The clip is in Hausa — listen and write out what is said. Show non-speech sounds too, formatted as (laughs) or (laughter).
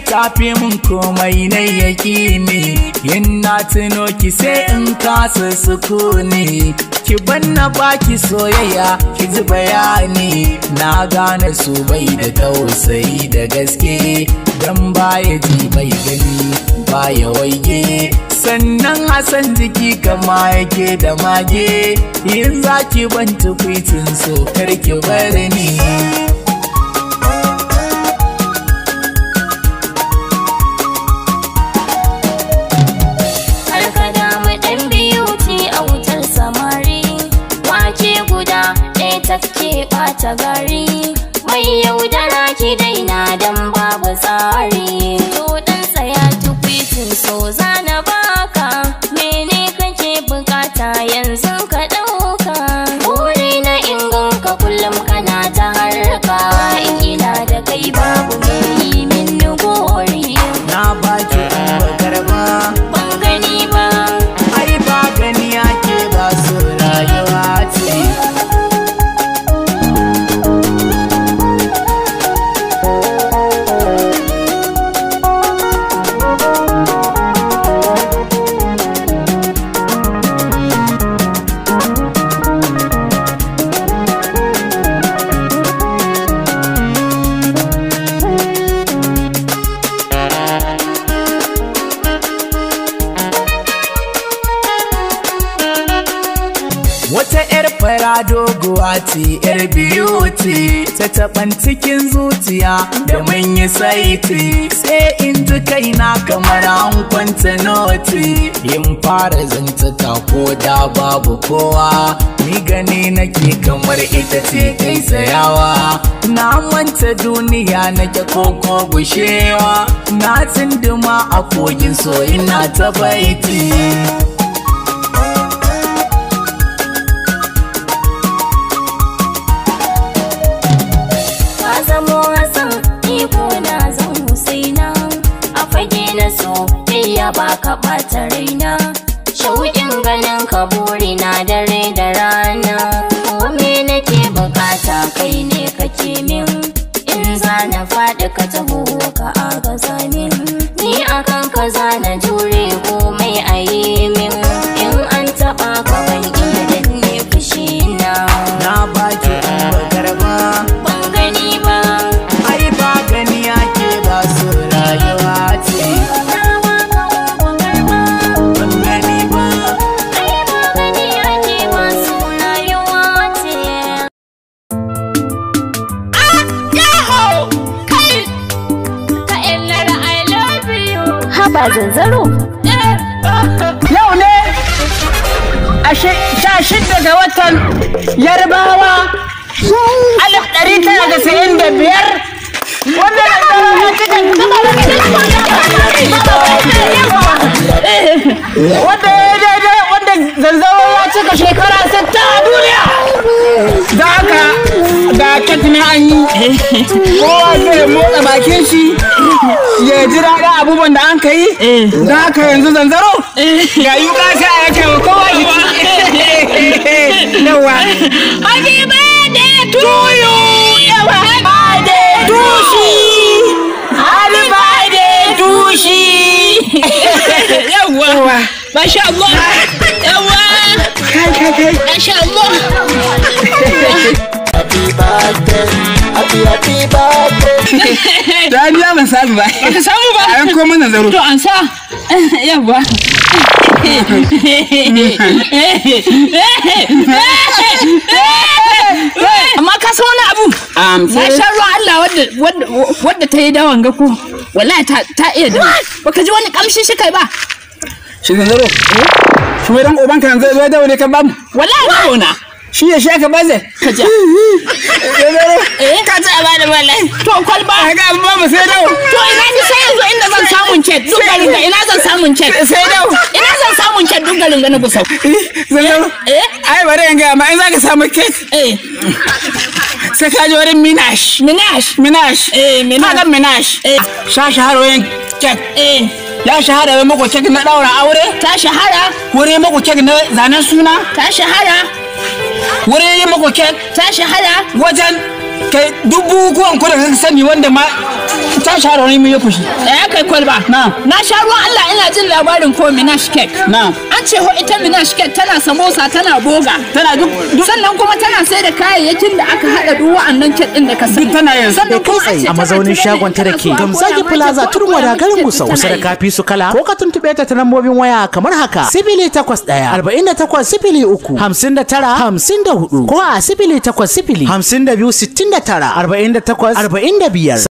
ki tafi mun komai na yaki ne yin na tuno ki sai in kasa ne ki banna baki soyayya ki ji bayani na gane su bai da tausayi da gaske dan baya ji bai gani baya waige sannan hasan jiki kama yake da mage yin zaki ban tukuitin so kar ki bar ni fati yar beauty ta taban cikin zuciya da mun yi saiti sai in ji kaina kamar an kwanta noti yin fara zantata ko da babu kowa ni gani nake kamar ita ce kai sayawa na manta duniya nake koko gushewa na tsinduma a kogin so ina ta baiti so ya baka ɓata raina ba zanzaro yau ne sha shidda ga watan yarbawa alif ɗari tara da sayin da biyar wanda ya zama ya cikin wanda ya daidai wanda zanzaro ya cika shekara kowa zai motsa bakin shi ya ji daɗin abubuwan da an ka yi eh. don haka yanzu zanzaro ya yi ƙasa a yake wa kowa shi (laughs) yawa happy birthday to you yawa ba da to shi happy birthday to shi (laughs) yawa masha Allah yawa kai kai kai masha Allah (laughs) happy birthday (laughs) samu ba ka samu ba an koma zaro to an sa (laughs) amma ka san wani abu na eh. sha ruwa Allah wadda ta yi dawan ga ko wallahi ta iya dawa baka ji wani kamshi shi kai ba shi zanzaro eh? shi wai dan yanzu zai dawo ne kan babu wallahi ba shi ya sha ka baze ka eh ka ci a bada balai to kwalba a ga abu ma sai dawo to ina ni sai yanzu inda zan samun cek duk garin ga ina zan samun cek sai dawo ina zan samun cek duk garin ga na gusau zallau eh ai bari in ga ma in ka samu kek? eh sai ka je minash minash minash eh minash ka minash eh sha shaharwayin kek. eh ya shahara wai mako kek na daura aure ta shahara wuri mako kek na zanen suna ta shahara wurin yi makokin ta shahara wajen kai dubu kuwan kudin sani wanda ma ta sha ne mu yi fushi eh kai kwalba na na sha ruwan Allah ina jin labarin ko minash cake na an ce ho ita minash cake tana samosa tana boga tana duk sannan kuma tana sai da kayayyakin da aka hada duk wa'annan cake din da ka sani tana yin sannan kuma a ce a mazaunin shagon ta dake gamsaki plaza turwa da garin musa wasu da kafi su kala ko ka tuntube ta ta lambobin waya kamar haka Sibili takwas ɗaya arba'in da takwas uku hamsin da tara hamsin da hudu ko a sibili takwas sibili. hamsin da biyu sittin da tara arba'in da takwas arba'in da biyar